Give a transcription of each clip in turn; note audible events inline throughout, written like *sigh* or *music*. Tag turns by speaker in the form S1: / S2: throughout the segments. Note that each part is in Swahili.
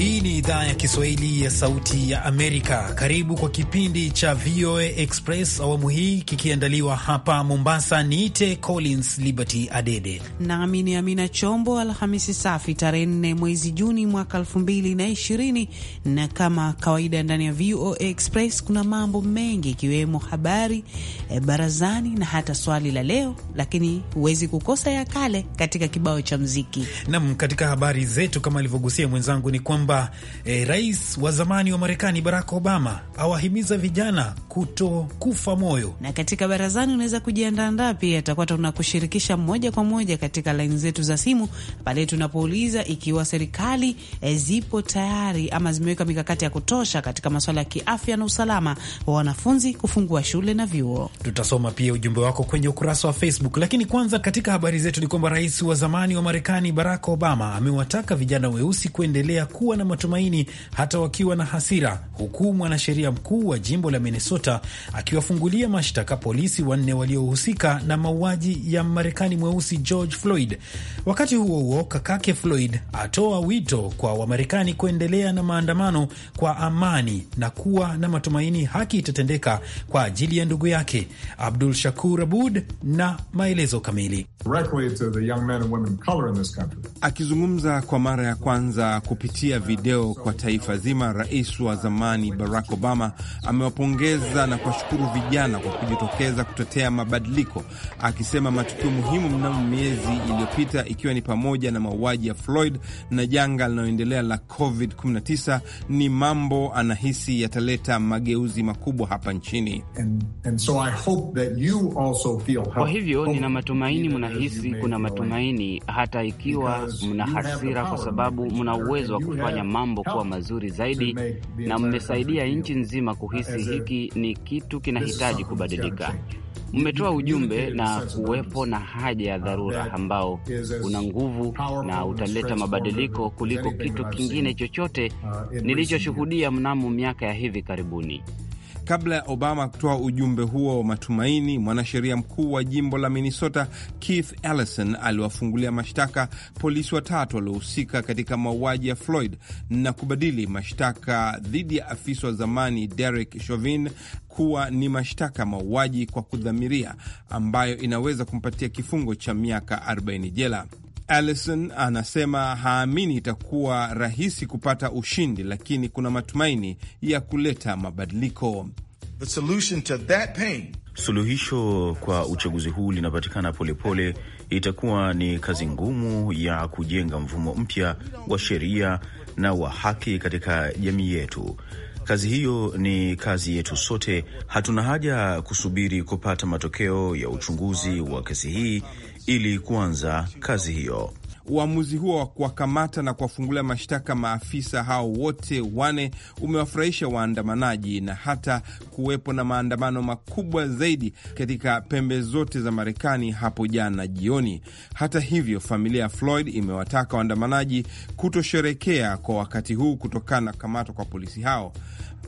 S1: Hii ni idhaa ya Kiswahili ya Sauti ya Amerika. Karibu kwa kipindi cha VOA Express awamu hii, kikiandaliwa hapa Mombasa. Niite Collins Liberty Adede
S2: nami ni Amina Chombo. Alhamisi safi tarehe nne mwezi Juni mwaka ishirini na kama kawaida ndani ya VOA Express kuna mambo mengi ikiwemo habari e, barazani na hata swali la leo, lakini huwezi kukosa ya kale katika kibao cha mziki
S1: nam. Katika habari zetu kama alivyogusia mwenzangu ni kwamba kwamba e, rais wa zamani wa Marekani Barack Obama awahimiza vijana kutokufa moyo.
S2: Na katika barazani unaweza kujiandaandaa pia, takuwa tunakushirikisha moja kwa moja katika laini zetu za simu pale tunapouliza ikiwa serikali e, zipo tayari ama zimeweka mikakati ya kutosha katika masuala ya kiafya na usalama wa wanafunzi kufungua shule na vyuo.
S1: Tutasoma pia ujumbe wako kwenye ukurasa wa Facebook, lakini kwanza katika habari zetu ni kwamba rais wa zamani wa Marekani Barack Obama amewataka vijana weusi kuendelea kuwa na matumaini hata wakiwa na hasira, huku mwanasheria mkuu wa jimbo la Minnesota akiwafungulia mashtaka polisi wanne waliohusika na mauaji ya Marekani mweusi George Floyd. Wakati huo huo, kakake Floyd atoa wito kwa Wamarekani kuendelea na maandamano kwa amani na kuwa na matumaini haki itatendeka kwa ajili ya ndugu yake. Abdul Shakur Abud na maelezo kamili.
S3: Akizungumza kwa mara ya kwanza kupitia video kwa taifa zima, rais wa zamani Barack Obama amewapongeza na kuwashukuru vijana kwa kujitokeza kutetea mabadiliko, akisema matukio muhimu mnamo miezi iliyopita, ikiwa ni pamoja na mauaji ya Floyd na janga linaloendelea la COVID-19, ni mambo anahisi yataleta mageuzi makubwa hapa nchini.
S4: Kwa hivyo nina
S3: matumaini mnahisi kuna matumaini hata ikiwa mna hasira, kwa
S2: sababu mna uwezo wa kufanya kufanya mambo kuwa mazuri zaidi, na mmesaidia nchi nzima kuhisi hiki ni kitu kinahitaji kubadilika. Mmetoa ujumbe na kuwepo na haja ya uh, dharura ambao una
S1: nguvu na utaleta mabadiliko kuliko
S2: kitu kingine chochote uh, nilichoshuhudia mnamo miaka ya hivi karibuni.
S3: Kabla ya Obama kutoa ujumbe huo wa matumaini, mwanasheria mkuu wa jimbo la Minnesota Keith Ellison aliwafungulia mashtaka polisi watatu waliohusika katika mauaji ya Floyd na kubadili mashtaka dhidi ya afisa wa zamani Derek Chauvin kuwa ni mashtaka mauaji kwa kudhamiria ambayo inaweza kumpatia kifungo cha miaka 40 jela. Allison anasema haamini itakuwa rahisi kupata ushindi, lakini kuna matumaini ya kuleta mabadiliko. The solution to that pain.
S1: Suluhisho kwa uchaguzi huu linapatikana polepole. Itakuwa ni kazi ngumu ya kujenga mfumo mpya wa sheria na wa haki katika jamii yetu. Kazi hiyo ni
S3: kazi yetu sote. Hatuna haja kusubiri kupata matokeo ya uchunguzi wa kesi hii ili kuanza kazi hiyo. Uamuzi huo wa kuwakamata na kuwafungulia mashtaka maafisa hao wote wane umewafurahisha waandamanaji na hata kuwepo na maandamano makubwa zaidi katika pembe zote za Marekani hapo jana jioni. Hata hivyo, familia ya Floyd imewataka waandamanaji kutosherekea kwa wakati huu kutokana na kukamatwa kwa polisi hao.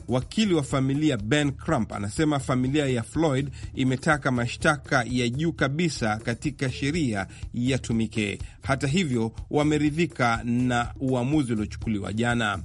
S3: Wakili wa familia Ben Crump anasema familia ya Floyd imetaka mashtaka ya juu kabisa katika sheria yatumike. Hata hivyo hivyo wameridhika na uamuzi uliochukuliwa jana.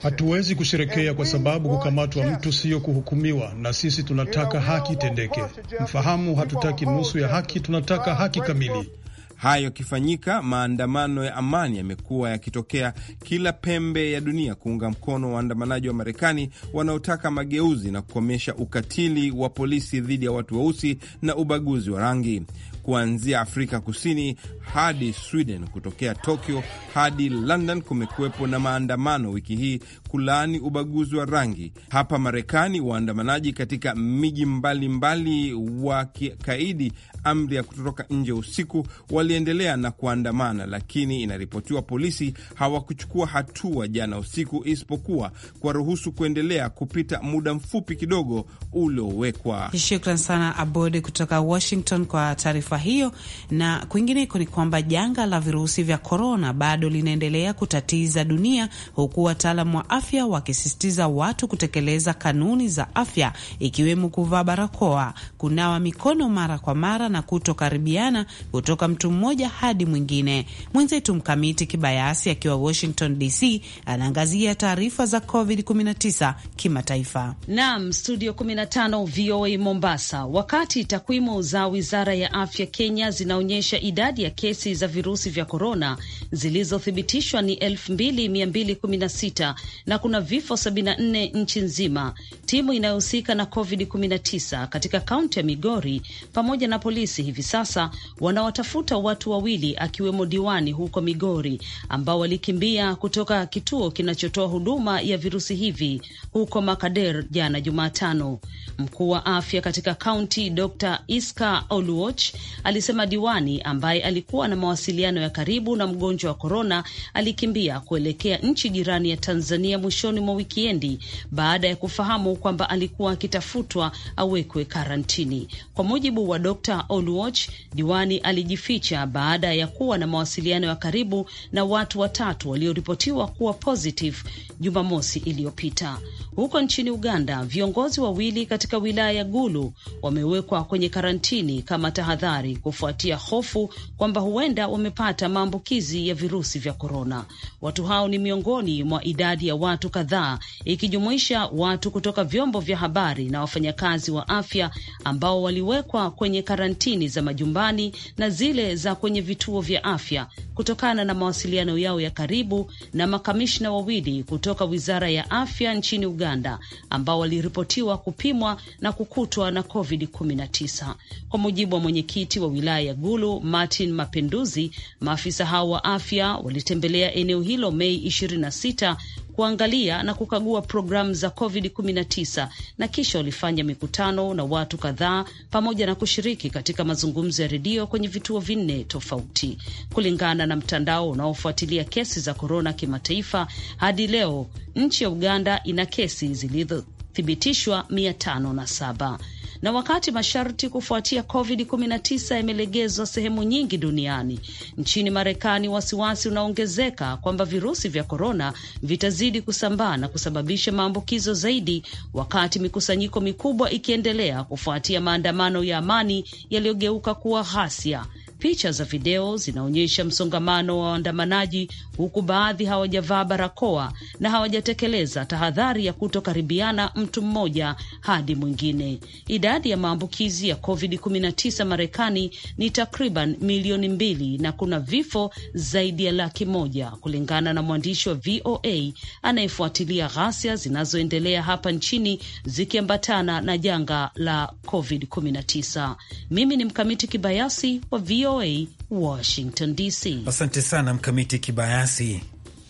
S3: Hatuwezi
S4: kusherekea kwa sababu kukamatwa mtu siyo kuhukumiwa, na sisi tunataka haki itendeke. Mfahamu, hatutaki nusu ya haki, tunataka haki kamili.
S3: Hayo akifanyika maandamano ya amani yamekuwa yakitokea kila pembe ya dunia kuunga mkono waandamanaji wa Marekani wanaotaka mageuzi na kukomesha ukatili wa polisi dhidi ya watu weusi na ubaguzi wa rangi kuanzia Afrika Kusini hadi Sweden, kutokea Tokyo hadi London. Kumekuwepo na maandamano wiki hii kulaani ubaguzi wa rangi. Hapa Marekani, waandamanaji katika miji mbalimbali wakikaidi amri ya kutotoka nje usiku waliendelea na kuandamana, lakini inaripotiwa polisi hawakuchukua hatua jana usiku, isipokuwa kuwaruhusu kuendelea kupita muda mfupi kidogo uliowekwa.
S2: Shukran sana Abod kutoka Washington kwa taarifa hiyo. Na kwingineko ni kwamba janga la virusi vya korona bado linaendelea kutatiza dunia huku wataalamu wa afya wakisisitiza watu kutekeleza kanuni za afya ikiwemo kuvaa barakoa, kunawa mikono mara kwa mara na kutokaribiana kutoka mtu mmoja hadi mwingine. Mwenzetu Mkamiti Kibayasi akiwa Washington DC anaangazia taarifa za COVID-19 kimataifa.
S5: Naam, studio 15 VOA Mombasa. Wakati takwimu za wizara ya afya Kenya zinaonyesha idadi ya kesi za virusi vya korona zilizothibitishwa ni 2216 na kuna vifo 74 nchi nzima. Timu inayohusika na COVID-19 katika kaunti ya Migori pamoja na polisi hivi sasa wanawatafuta watu wawili akiwemo diwani huko Migori ambao walikimbia kutoka kituo kinachotoa huduma ya virusi hivi huko Makader jana Jumatano. Mkuu wa afya katika kaunti Dr. Iska Oluoch alisema diwani ambaye alikuwa na mawasiliano ya karibu na mgonjwa wa korona alikimbia kuelekea nchi jirani ya Tanzania ya mwishoni mwa wikiendi baada ya kufahamu kwamba alikuwa akitafutwa awekwe karantini. Kwa mujibu wa Dr. Oluoch, Diwani alijificha baada ya kuwa na mawasiliano ya karibu na watu watatu walioripotiwa kuwa positive Jumamosi iliyopita. Huko nchini Uganda, viongozi wawili katika wilaya ya Gulu wamewekwa kwenye karantini kama tahadhari kufuatia hofu kwamba huenda wamepata maambukizi ya virusi vya korona. Watu hao ni miongoni mwa idadi ya watu kadhaa ikijumuisha watu kutoka vyombo vya habari na wafanyakazi wa afya ambao waliwekwa kwenye karantini za majumbani na zile za kwenye vituo vya afya kutokana na mawasiliano yao ya karibu na makamishna wawili kutoka Wizara ya Afya nchini Uganda ambao waliripotiwa kupimwa na kukutwa na COVID-19. Kwa mujibu wa mwenyekiti wa wilaya ya Gulu, Martin Mapenduzi, maafisa hao wa afya walitembelea eneo hilo Mei 26 kuangalia na kukagua programu za COVID-19 na kisha walifanya mikutano na watu kadhaa pamoja na kushiriki katika mazungumzo ya redio kwenye vituo vinne tofauti. Kulingana na mtandao unaofuatilia kesi za korona kimataifa, hadi leo nchi ya Uganda ina kesi zilizothibitishwa mia tano na saba. Na wakati masharti kufuatia COVID-19 yamelegezwa sehemu nyingi duniani, nchini Marekani wasiwasi unaongezeka kwamba virusi vya korona vitazidi kusambaa na kusababisha maambukizo zaidi, wakati mikusanyiko mikubwa ikiendelea kufuatia maandamano ya amani yaliyogeuka kuwa ghasia Picha za video zinaonyesha msongamano wa waandamanaji, huku baadhi hawajavaa barakoa na hawajatekeleza tahadhari ya kutokaribiana mtu mmoja hadi mwingine. Idadi ya maambukizi ya COVID-19 Marekani ni takriban milioni mbili na kuna vifo zaidi ya laki moja kulingana na mwandishi wa VOA anayefuatilia ghasia zinazoendelea hapa nchini zikiambatana na janga la COVID-19. Mimi ni Mkamiti Kibayasi wa VOA VOA Washington DC.
S1: Asante sana Mkamiti Kibayasi.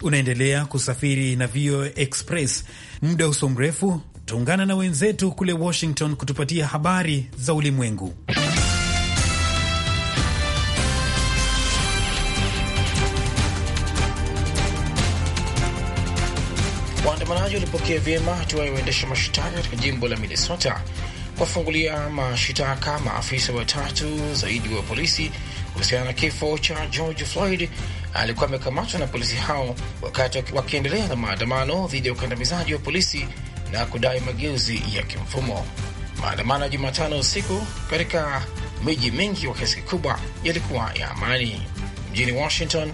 S1: Unaendelea kusafiri na VOA Express. Muda uso mrefu tuungana na wenzetu kule Washington kutupatia habari za ulimwengu. Waandamanaji
S6: walipokea vyema hatua ya waendesha mashitaka katika jimbo la Minnesota kuwafungulia mashitaka maafisa watatu zaidi wa polisi kuhusiana na kifo cha George Floyd alikuwa amekamatwa na polisi hao wakati wakiendelea na maandamano dhidi ya ukandamizaji wa polisi na kudai mageuzi ya kimfumo. Maandamano ya Jumatano usiku katika miji mingi kwa kiasi kikubwa yalikuwa ya amani. Mjini Washington,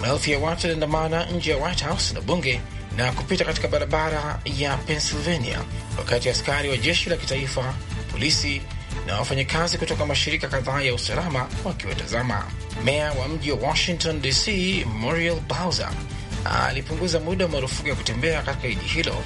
S6: maelfu ya watu yaliandamana nje ya White House na bunge na kupita katika barabara ya Pennsylvania, wakati askari wa jeshi la kitaifa, polisi na wafanyakazi kutoka mashirika kadhaa ya usalama wakiwatazama. Meya wa mji wa Washington DC Muriel Bowser alipunguza muda wa marufuku ya kutembea katika jiji hilo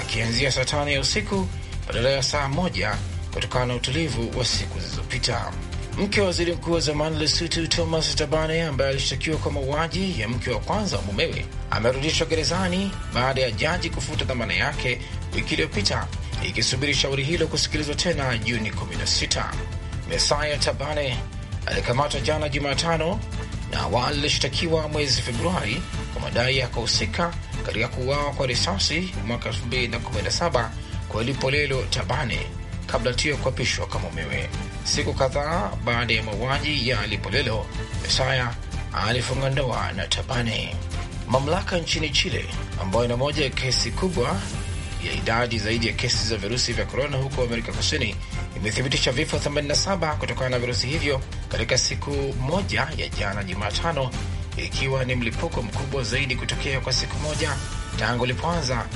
S6: akianzia saa tano ya usiku badala ya saa moja kutokana na utulivu wa siku zilizopita. Mke wa waziri mkuu wa zamani lesutu Thomas Tabane, ambaye alishtakiwa kwa mauaji ya mke wa kwanza wa mumewe, amerudishwa gerezani baada ya jaji kufuta dhamana yake wiki iliyopita ikisubiri shauri hilo kusikilizwa tena Juni 16. Mesaya Tabane alikamatwa jana Jumatano na awali alishtakiwa mwezi Februari kwa madai ya kuhusika katika kuuawa kwa risasi mwaka 2017 kwa lelo Tabane kabla ya kuapishwa kama mumewe. Siku kadhaa baada ya mauaji ya lelo Mesaya alifunga ndoa na Tabane. Mamlaka nchini Chile ambayo ina moja ya kesi kubwa ya idadi zaidi ya kesi za virusi vya korona huko Amerika Kusini imethibitisha vifo 87 kutokana na virusi hivyo katika siku moja ya jana Jumatano, ikiwa ni mlipuko mkubwa zaidi kutokea kwa siku moja tangu ilipoanza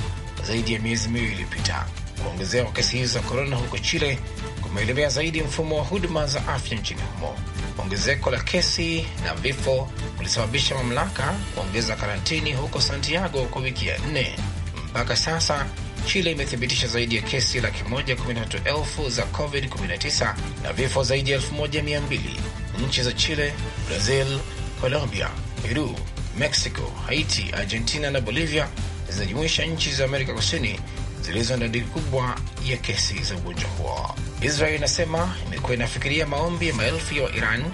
S6: zaidi ya miezi miwili iliyopita. Kuongezea kwa kesi hizo za korona huko Chile kumeelemea zaidi mfumo wa huduma za afya nchini humo. Ongezeko la kesi na vifo kulisababisha mamlaka kuongeza karantini huko Santiago kwa wiki ya nne. Mpaka sasa Chile imethibitisha zaidi ya kesi laki moja kumi na tatu elfu za COVID-19 na vifo zaidi ya elfu moja mia mbili. Nchi za Chile, Brazil, Colombia, Peru, Mexico, Haiti, Argentina na Bolivia zinajumuisha nchi za Amerika Kusini zilizo na idadi kubwa ya kesi za ugonjwa huo. Israel inasema imekuwa inafikiria maombi ya maelfu ya Wairan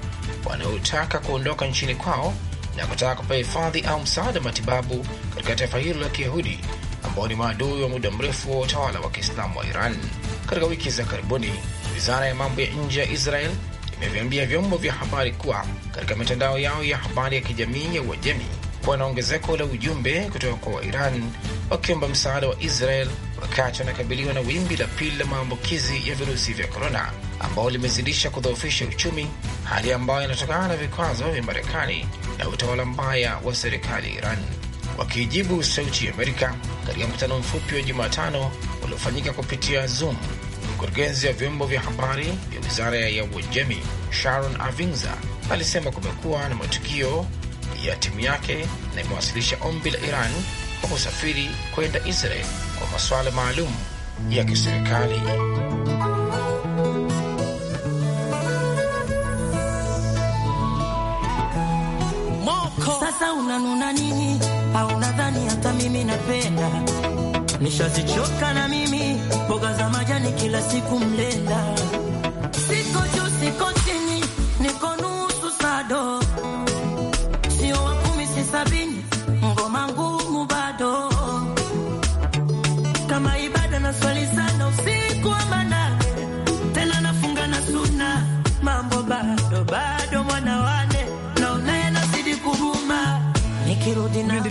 S6: wanaotaka kuondoka nchini kwao na kutaka kupewa hifadhi au msaada matibabu katika taifa hilo la Kiyahudi ambao ni maadui wa muda mrefu wa utawala wa Kiislamu wa Iran. Katika wiki za karibuni, wizara ya mambo ya nje ya Israel imeviambia vyombo vya habari kuwa katika mitandao yao ya habari ya kijamii ya Uajemi kuwa na ongezeko la ujumbe kutoka kwa Wairan wakiomba msaada wa Israel wakati wanakabiliwa na wimbi la pili la maambukizi ya virusi vya korona ambao limezidisha kudhoofisha uchumi, hali ambayo inatokana na vikwazo vya Marekani na utawala mbaya wa serikali ya Iran wakijibu Sauti ya Amerika katika mkutano mfupi wa Jumatano uliofanyika kupitia Zoom. Mkurugenzi wa vyombo vya habari vya wizara ya Uajemi Sharon Avinza alisema kumekuwa na matukio ya timu yake na imewasilisha ombi la Iran kwa kusafiri kwenda Israel kwa masuala maalum ya kiserikali.
S7: Sasa unanuna nini? au nadhani hata mimi napenda?
S8: Nishazichoka
S7: na mimi mboga za majani kila siku mlenda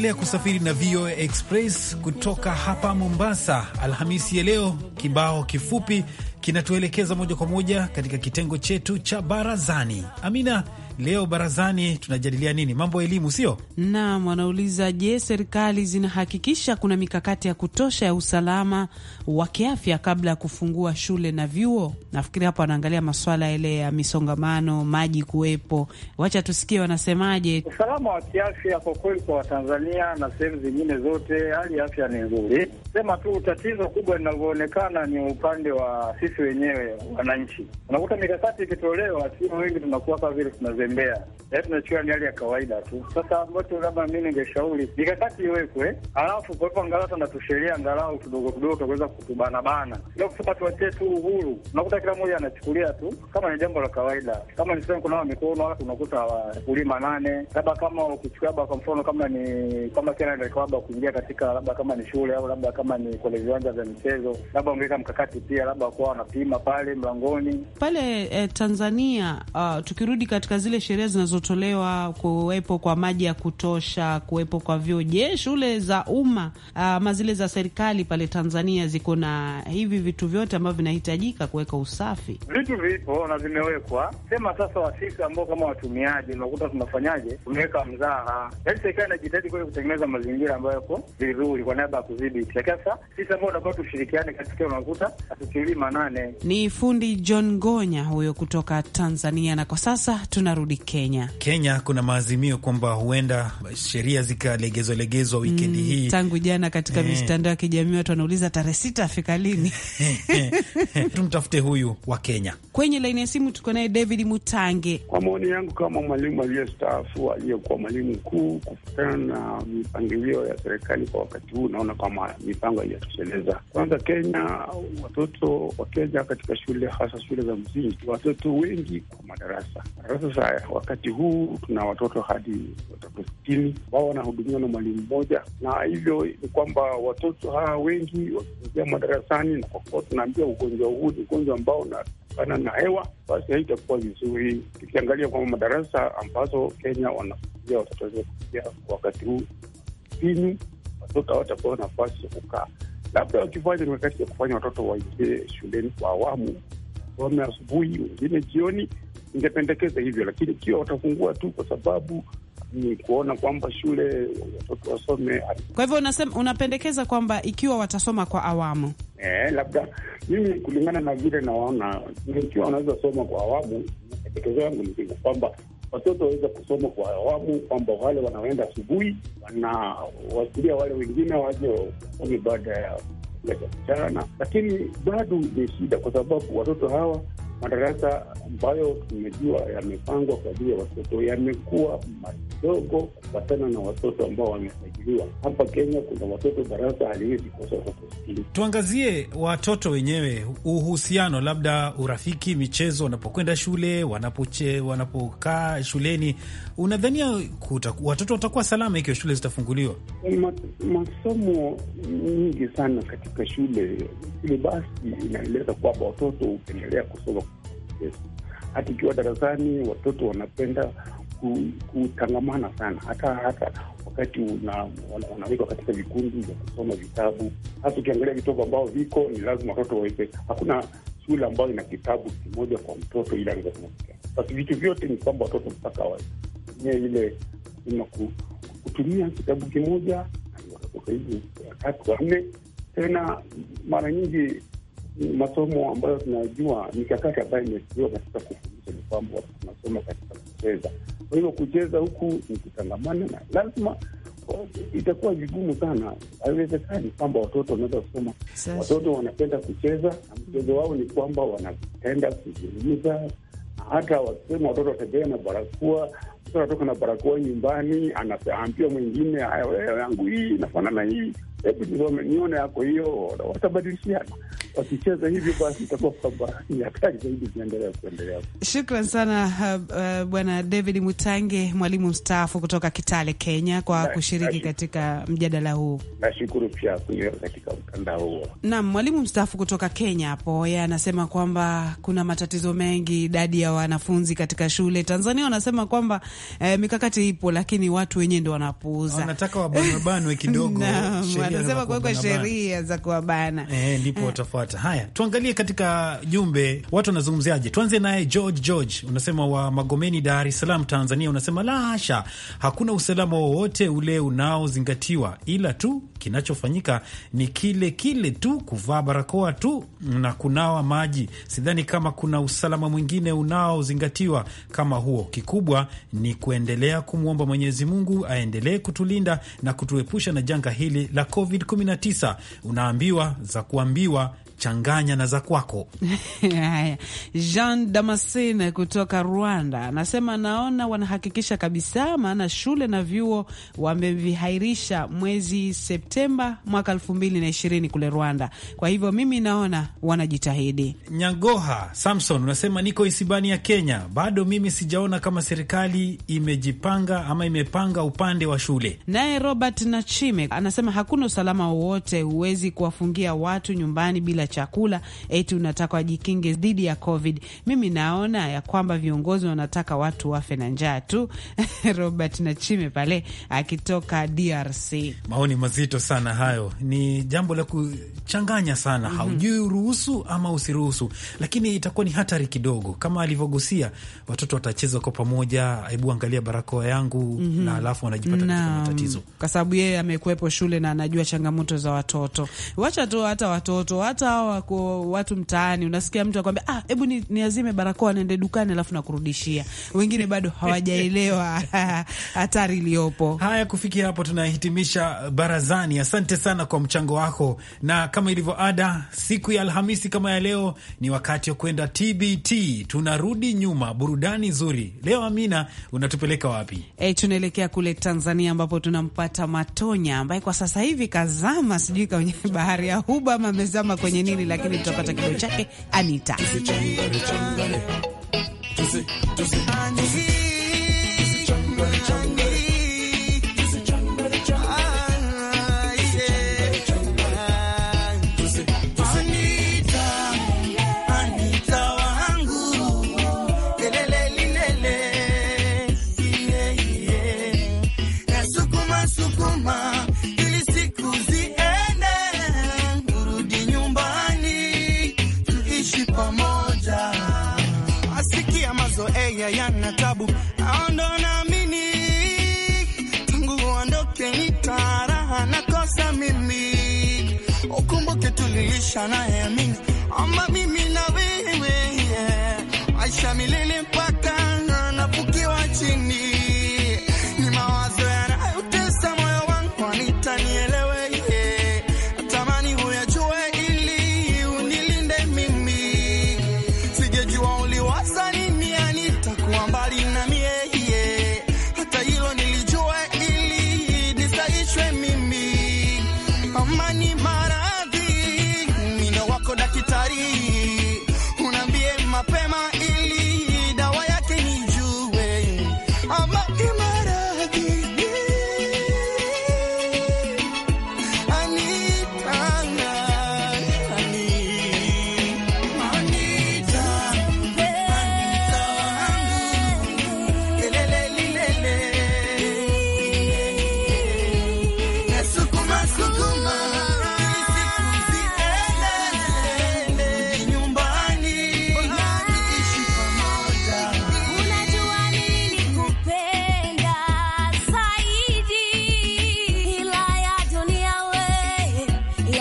S1: Unaendelea kusafiri na VOA Express kutoka hapa Mombasa, Alhamisi ya leo. Kibao kifupi kinatuelekeza moja kwa moja katika kitengo chetu cha barazani. Amina Leo barazani tunajadilia nini? Mambo ya elimu,
S2: sio nam? Wanauliza, je, serikali zinahakikisha kuna mikakati ya kutosha ya usalama wa kiafya kabla ya kufungua shule na vyuo? Nafikiri hapo wanaangalia maswala yale ya misongamano, maji kuwepo. Wacha tusikie wanasemaje.
S9: Usalama wa kiafya kwa kweli kwa Watanzania na sehemu zingine zote, hali ya afya ni nzuri, sema tu tatizo kubwa linavyoonekana ni upande wa sisi wenyewe wananchi. Unakuta mikakati ikitolewa, sio wengi tunakuwa kama vile tunaz kutembea yaani tunachukua ni hali ya kawaida tu. Sasa ambacho labda mi ningeshauri mikakati iwekwe, alafu kuwepo angalau hata tusheria angalau kidogo kidogo kutubana bana, ila kusema tuachie tu uhuru. Unakuta kila mmoja anachukulia tu kama ni jambo la kawaida, kama ni kunawa mikono, watu unakuta wakulima uh, nane, labda kama ukichukua labda kwa mfano kama ni kama kena ndio labda kuingia katika labda kama ni shule au labda kama ni kwenye viwanja vya michezo, labda ungeweka mkakati pia labda kuwa wanapima pale mlangoni
S2: pale eh, Tanzania. Uh, tukirudi katika zile zile sheria zinazotolewa, kuwepo kwa maji ya kutosha, kuwepo kwa vyoo. Je, shule za umma ama zile za serikali pale Tanzania ziko na hivi vitu vyote ambavyo vinahitajika kuweka usafi?
S9: Vitu vipo na vimewekwa, sema sasa wasisi ambao kama watumiaji unakuta tunafanyaje, tumeweka mzaha. Yaani serikali inajitahidi kweli kutengeneza mazingira ambayo yako vizuri kwa niaba ya kudhibiti, lakini sasa sisi ambao tunatakiwa tushirikiane katika, unakuta hatutilii manane.
S2: Ni fundi John Gonya huyo kutoka Tanzania, na kwa sasa tunarudi atarudi Kenya. Kenya kuna maazimio kwamba
S1: huenda sheria zikalegezwa legezwa wikendi mm, hii. Tangu
S2: jana katika eh, mitandao ya kijamii watu wanauliza tarehe sita afika lini? *laughs* Tumtafute huyu wa Kenya kwenye laini ya simu. Tuko naye David Mutange. Kwa maoni
S9: yangu, kama mwalimu aliyestaafu aliyekuwa mwalimu mkuu, kufutana na mipangilio ya serikali kwa wakati huu, naona kama mipango haijatosheleza. Kwanza Kenya, watoto wa Kenya katika shule hasa shule za msingi, watoto wengi kwa madarasa. Madarasa Haya, wakati huu tuna watoto hadi watoto sitini ambao wanahudumiwa na mwalimu mmoja, na hivyo ni kwamba watoto hawa wengi wakiingia madarasani, na kwa kuwa tunaambia ugonjwa huu ni ugonjwa ambao unatokana na hewa, basi haitakuwa vizuri, tukiangalia kwamba madarasa ambazo Kenya wanafunzia watoto wao wakati huu sitini, watoto hawatapewa nafasi ya kukaa. Labda wakifanya ni wakati ya kufanya watoto waingie shuleni kwa awamu, some asubuhi, wengine jioni ingependekeza hivyo, lakini ikiwa watafungua tu kwa sababu ni kuona kwamba shule watoto wasome.
S2: Kwa hivyo unasema, unapendekeza kwamba ikiwa watasoma kwa awamu
S9: eh, labda mimi kulingana na vile naona, ikiwa wanaweza soma kwa awamu, pendekezo yangu ni hivyo kwamba watoto waweza kusoma kwa awamu, kwamba wale wanaoenda asubuhi wanawasilia wale wengine waje wasome baada ya mchana, lakini bado ni shida kwa sababu watoto hawa madarasa ambayo tumejua yamepangwa kwa ajili ya watoto yamekuwa kidogo kupatana na watoto ambao wamesajiliwa hapa Kenya. Kuna watoto darasa haliwezi kosa watoto
S1: sitini. Tuangazie watoto wenyewe, uhusiano labda urafiki, michezo, wanapokwenda shule, wanapoche, wanapokaa shuleni, unadhania watoto watakuwa salama ikiwa shule zitafunguliwa?
S9: Ma, masomo nyingi sana katika shule ili basi inaeleza kwamba watoto hupendelea kusoma hata ikiwa darasani watoto wanapenda kutangamana sana, hata hata wakati wanawekwa katika vikundi vya kusoma vitabu. Hasa ukiangalia vitabu ambao viko ni lazima watoto waweze, hakuna shule ambayo ina kitabu kimoja kwa mtoto ili aweze Basi vitu vyote ni kwamba watoto mpaka watumia ile ma kutumia kitabu kimoja wakatoka hivi watatu wanne. Tena mara nyingi masomo ambayo tunajua mikakati ambayo imetumiwa katika kuhakikisha ni kwamba wanasoma katika kucheza. Kwa hivyo kucheza huku ni kutangamana, na lazima itakuwa vigumu sana, haiwezekani kwamba watoto wanaweza kusoma. Watoto wanapenda kucheza na mchezo wao ni kwamba wanapenda kuzungumza hata wakisema watoto watembea na barakoa, mtoto anatoka na barakoa nyumbani, anaambia mwingine, yangu hii inafanana hii, hebu nione yako hiyo, watabadilishiana wakicheza hivyo basi itakuwa kwamba ni hatari zaidi zinaendelea kuendelea.
S2: Shukran sana uh, uh, Bwana David Mutange, mwalimu mstaafu kutoka Kitale, Kenya, kwa na kushiriki na katika mjadala huu.
S9: Nashukuru pia kuiwea katika mtandao huo.
S2: Naam, mwalimu mstaafu kutoka Kenya hapo, yeye anasema kwamba kuna matatizo mengi, idadi ya wanafunzi katika shule Tanzania. Wanasema kwamba eh, mikakati ipo, lakini watu wenyewe ndo wanapuuza, wanataka wabanwe kidogo, *laughs* wanasema kuwekwa sheria za kuwabana, eh,
S1: ndipo eh. ndipo kufuata. Haya, tuangalie katika jumbe watu wanazungumziaje. Tuanze naye George George, unasema wa Magomeni, Dar es Salaam, Tanzania. Unasema la hasha, hakuna usalama wowote ule unaozingatiwa, ila tu kinachofanyika ni kile kile tu, kuvaa barakoa tu na kunawa maji. Sidhani kama kuna usalama mwingine unaozingatiwa kama huo. Kikubwa ni kuendelea kumwomba Mwenyezi Mungu aendelee kutulinda na kutuepusha na janga hili la COVID-19. Unaambiwa za kuambiwa changanya na za kwako.
S2: Haya, Jean Damascene kutoka Rwanda anasema naona wanahakikisha kabisa, maana shule na vyuo wamevihairisha mwezi Septemba mwaka elfu mbili na ishirini kule Rwanda. Kwa hivyo mimi naona wanajitahidi.
S1: Nyagoha Samson unasema niko ya Kenya. Bado mimi sijaona kama serikali imejipanga ama imepanga upande wa shule.
S2: Naye Robert Nachime anasema hakuna usalama wowote, huwezi kuwafungia watu nyumbani bila kula chakula eti unataka wajikinge dhidi ya COVID. Mimi naona ya kwamba viongozi wanataka watu wafe na njaa tu. *laughs* Robert Nachime pale akitoka DRC.
S1: Maoni mazito sana hayo, ni jambo la kuchanganya sana. mm -hmm. Haujui uruhusu ama usiruhusu, lakini itakuwa ni hatari kidogo kama alivyogusia, watoto watacheza kwa pamoja, aibu, angalia barakoa yangu mm -hmm. na alafu wanajipata
S2: na matatizo, kwa sababu yeye amekuwepo shule na anajua changamoto za watoto. Wacha tu hata watoto hata hawa wako watu mtaani, unasikia mtu akwambia, ah, hebu ni, niazime barakoa niende dukani alafu nakurudishia. Wengine bado *laughs* hawajaelewa *laughs* hatari iliyopo.
S1: Haya, kufikia hapo tunahitimisha barazani. Asante sana kwa mchango wako, na kama ilivyo ada, siku ya Alhamisi kama ya leo ni wakati wa kwenda TBT. Tunarudi
S2: nyuma, burudani nzuri leo. Amina, unatupeleka wapi? Hey, eh, tunaelekea kule Tanzania ambapo tunampata Matonya ambaye kwa sasa hivi kazama, sijui kawenye bahari ya Huba ama amezama kwenye nini, lakini tutapata kibao chake Anita.
S7: nation I me.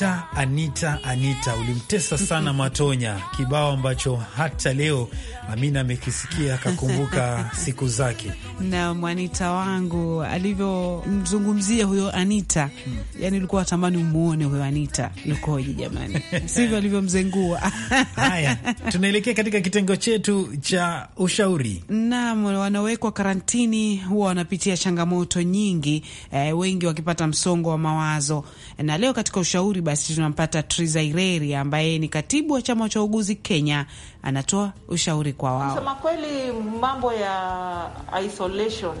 S1: Anita, Anita, Anita, ulimtesa sana Matonya, kibao ambacho hata leo Amina amekisikia akakumbuka *laughs* siku zake.
S2: Naam, Anita wangu alivyomzungumzia huyo Anita, hmm. yani ulikuwa watamani umwone huyo Anita yukoje jamani, *laughs* sivyo alivyomzengua. *laughs* Haya, tunaelekea katika kitengo chetu cha ushauri. Naam, wanawekwa karantini huwa wanapitia changamoto nyingi, eh, wengi wakipata msongo wa mawazo, na leo katika ushauri basi tunampata Triza Ireri ambaye ni katibu wa chama cha uguzi Kenya, anatoa ushauri kwa wao.
S8: kweli, mambo ya isolation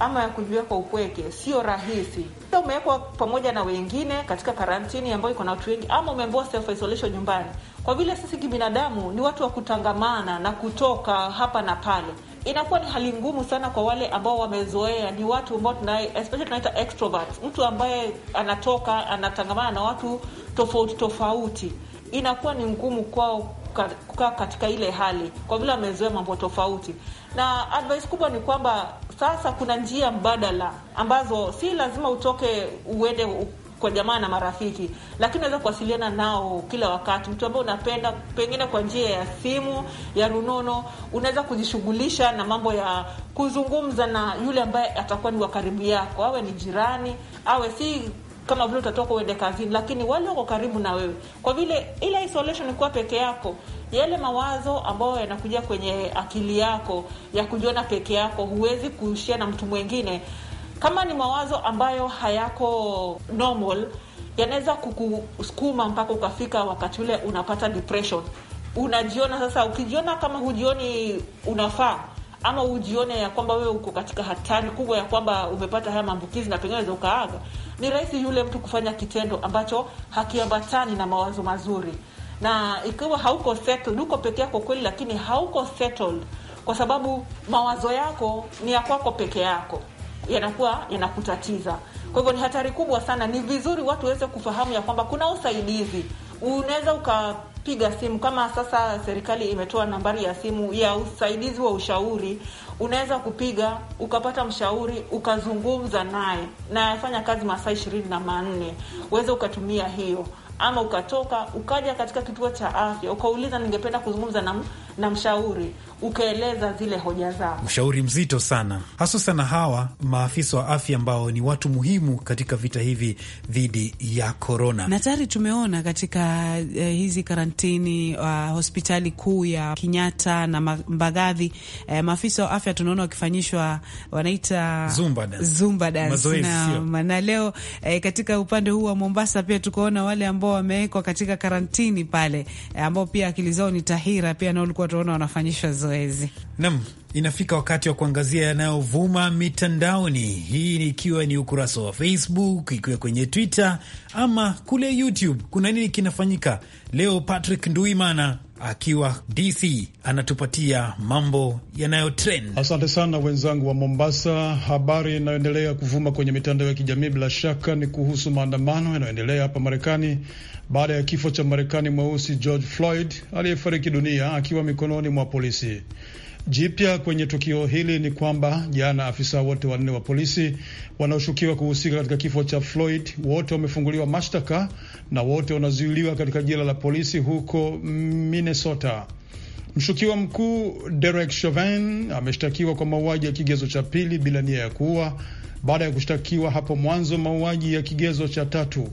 S8: ama ya kujiweka kwa upweke sio rahisi. Umewekwa pamoja na wengine katika karantini ambayo iko na watu wengi, ama umeambiwa self isolation nyumbani. Kwa vile sisi kibinadamu ni watu wa kutangamana na kutoka hapa na pale, inakuwa ni hali ngumu sana kwa wale ambao wamezoea, ni watu ambao tunaye especially tunaita extroverts, mtu ambaye anatoka anatangamana na watu tofauti tofauti, inakuwa ni ngumu kwao kukaa katika ile hali, kwa vile wamezoea mambo tofauti. Na advice kubwa ni kwamba sasa kuna njia mbadala ambazo si lazima utoke uende kwa jamaa na marafiki, lakini unaweza kuwasiliana nao kila wakati. Mtu ambaye unapenda pengine kwa njia ya simu ya runono, unaweza kujishughulisha na mambo ya kuzungumza na yule ambaye atakuwa ni wa karibu yako, awe ni jirani, awe si kama vile utatoka uende kazini, lakini wale wako karibu na wewe, kwa vile ile isolation kuwa peke yako, yale mawazo ambayo yanakuja kwenye akili yako ya kujiona peke yako, huwezi kuishia na mtu mwingine kama ni mawazo ambayo hayako normal, yanaweza kukusukuma mpaka ukafika wakati ule unapata depression. Unajiona sasa, ukijiona kama hujioni unafaa ama ujione ya kwamba wewe uko katika hatari kubwa ya kwamba umepata haya maambukizi na pengine ukaaga, ni rahisi yule mtu kufanya kitendo ambacho hakiambatani na mawazo mazuri. Na ikiwa hauko settled, uko peke yako kweli, lakini hauko settled kwa sababu mawazo yako ni ya kwako peke yako yanakuwa yanakutatiza. Kwa hivyo ni hatari kubwa sana. Ni vizuri watu waweze kufahamu ya kwamba kuna usaidizi, unaweza ukapiga simu. Kama sasa serikali imetoa nambari ya simu ya usaidizi wa ushauri, unaweza kupiga ukapata mshauri ukazungumza naye, na yafanya kazi masaa ishirini na manne, uweze ukatumia hiyo, ama ukatoka ukaja katika kituo cha afya ukauliza, ningependa kuzungumza na na mshauri ukaeleza zile hoja zao.
S1: Mshauri mzito sana, hasusan hawa maafisa wa afya ambao ni watu muhimu katika vita hivi dhidi ya korona. Na
S2: tayari tumeona katika eh, hizi karantini uh, hospitali kuu ya Kenyatta na Mbagathi eh, maafisa wa afya tunaona wakifanyishwa wanaita zumba dance, zumba dance na, na leo eh, katika upande huu wa Mombasa pia tukaona wale ambao wamewekwa katika karantini pale eh, ambao pia akili zao ni tahira pia nao wataona wanafanyishwa zoezi. Naam, inafika wakati wa
S1: kuangazia yanayovuma mitandaoni, hii ikiwa ni ukurasa wa Facebook, ikiwa kwenye Twitter ama kule YouTube. Kuna nini kinafanyika leo? Patrick
S4: Nduimana akiwa DC anatupatia mambo yanayo Asante sana wenzangu wa Mombasa. Habari inayoendelea kuvuma kwenye mitandao ya kijamii bila shaka ni kuhusu maandamano yanayoendelea hapa Marekani baada ya kifo cha Marekani mweusi George Floyd aliyefariki dunia akiwa mikononi mwa polisi. Jipya kwenye tukio hili ni kwamba jana, afisa wote wanne wa polisi wanaoshukiwa kuhusika katika kifo cha Floyd wote wamefunguliwa mashtaka na wote wanazuiliwa katika jela la polisi huko Minnesota. Mshukiwa mkuu Derek Chauvin ameshtakiwa kwa mauaji ya kigezo cha pili bila nia ya kuua baada ya kushtakiwa hapo mwanzo mauaji ya kigezo cha tatu.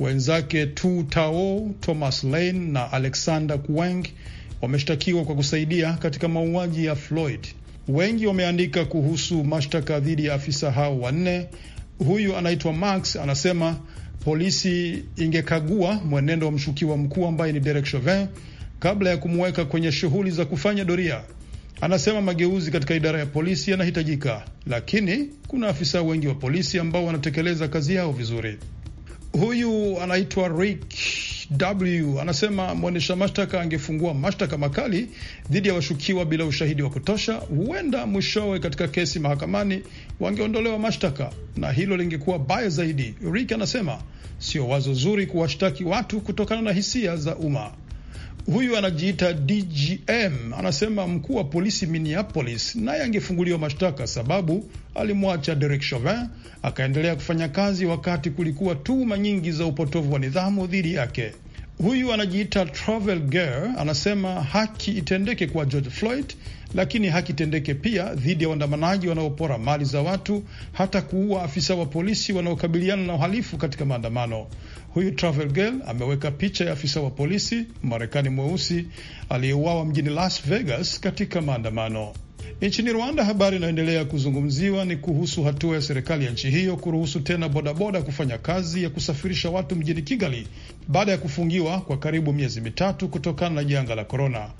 S4: Wenzake Tu Tao, Thomas Lane na Alexander Kueng wameshtakiwa kwa kusaidia katika mauaji ya Floyd. Wengi wameandika kuhusu mashtaka dhidi ya afisa hao wanne. Huyu anaitwa Max anasema polisi ingekagua mwenendo wa mshukiwa mkuu ambaye ni Derek Chauvin kabla ya kumweka kwenye shughuli za kufanya doria. Anasema mageuzi katika idara ya polisi yanahitajika, lakini kuna afisa wengi wa polisi ambao wanatekeleza kazi yao vizuri. Huyu anaitwa Rick HW anasema mwendesha mashtaka angefungua mashtaka makali dhidi ya washukiwa bila ushahidi wa kutosha, huenda mwishowe katika kesi mahakamani wangeondolewa mashtaka na hilo lingekuwa baya zaidi. Rick anasema sio wazo zuri kuwashtaki watu kutokana na hisia za umma. Huyu anajiita DGM anasema mkuu wa polisi Minneapolis naye angefunguliwa mashtaka, sababu alimwacha Derek Chauvin akaendelea kufanya kazi wakati kulikuwa tuhuma nyingi za upotovu wa nidhamu dhidi yake. Huyu anajiita Travel Girl anasema haki itendeke kwa George Floyd, lakini haki itendeke pia dhidi ya waandamanaji wanaopora mali za watu, hata kuua afisa wa polisi wanaokabiliana na uhalifu katika maandamano. Huyu Travel Girl ameweka picha ya afisa wa polisi Marekani mweusi aliyeuawa mjini Las Vegas katika maandamano. Nchini Rwanda, habari inayoendelea kuzungumziwa ni kuhusu hatua ya serikali ya nchi hiyo kuruhusu tena bodaboda kufanya kazi ya kusafirisha watu mjini Kigali baada ya kufungiwa kwa karibu miezi mitatu kutokana na janga la korona.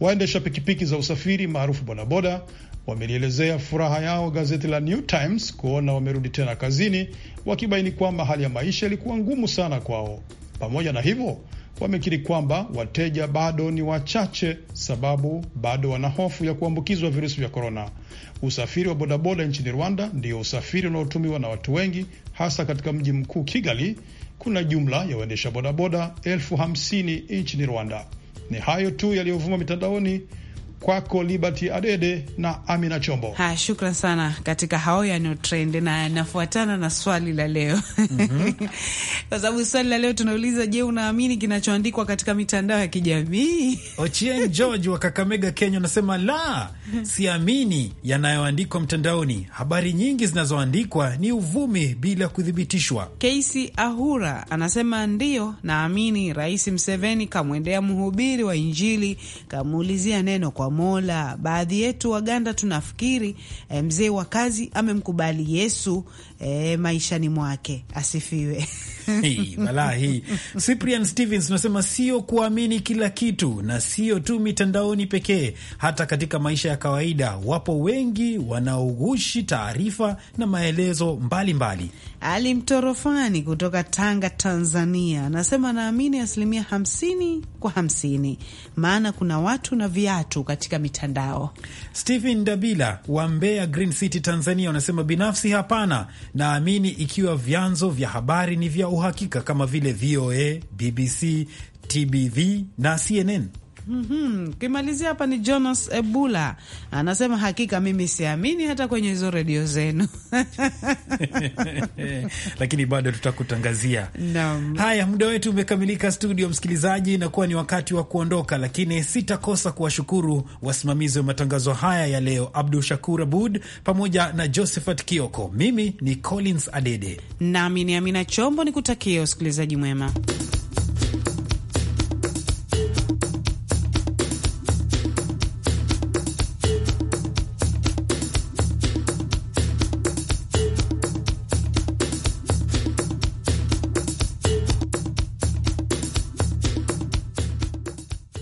S4: Waendesha pikipiki za usafiri maarufu bodaboda wamelielezea furaha yao gazeti la New Times kuona wamerudi tena kazini, wakibaini kwamba hali ya maisha ilikuwa ngumu sana kwao. Pamoja na hivyo wamekiri kwamba wateja bado ni wachache, sababu bado wana hofu ya kuambukizwa virusi vya korona. Usafiri wa bodaboda nchini Rwanda ndio usafiri unaotumiwa na watu wengi, hasa katika mji mkuu Kigali. Kuna jumla ya waendesha bodaboda elfu hamsini nchini Rwanda. Ni hayo tu yaliyovuma mitandaoni. Kwako Liberty Adede na Amina Chombo. Ha,
S2: shukran sana katika hao yanayotrend, na nafuatana na swali la leo mhm. *laughs* kwa sababu swali la leo tunauliza, je, unaamini kinachoandikwa katika mitandao ya kijamii?
S1: Ochien George wa Kakamega, Kenya anasema la, siamini yanayoandikwa mtandaoni. Habari nyingi zinazoandikwa ni uvumi bila kuthibitishwa.
S2: Kesi Ahura anasema ndiyo, naamini Rais Mseveni kamwendea mhubiri wa Injili, kamuulizia neno kwa Mola. Baadhi yetu Waganda tunafikiri eh, mzee wa kazi amemkubali Yesu e, maishani mwake asifiwe. *laughs* Hii Cyprian Stevens unasema sio kuamini kila kitu,
S1: na sio tu mitandaoni pekee, hata katika maisha ya kawaida wapo wengi
S2: wanaogushi taarifa na maelezo mbalimbali. Ali Mtorofani kutoka Tanga, Tanzania anasema naamini asilimia hamsini kwa hamsini, maana kuna watu na viatu katika mitandao. Stephen Dabila wa
S1: Mbeya Green City Tanzania unasema binafsi, hapana naamini ikiwa vyanzo vya habari ni vya uhakika kama vile VOA, BBC, TBV na CNN
S2: Mm -hmm. Kimalizia hapa ni Jonas Ebula anasema, hakika mimi siamini hata kwenye hizo redio zenu
S1: *laughs* lakini bado tutakutangazia. Naam. Haya, muda wetu umekamilika studio, msikilizaji, inakuwa ni wakati wa kuondoka, lakini sitakosa kuwashukuru wasimamizi wa matangazo haya ya leo, Abdu Shakur Abud pamoja na Josephat Kioko. Mimi ni Collins Adede
S2: nami ni Amina Chombo, nikutakie usikilizaji mwema.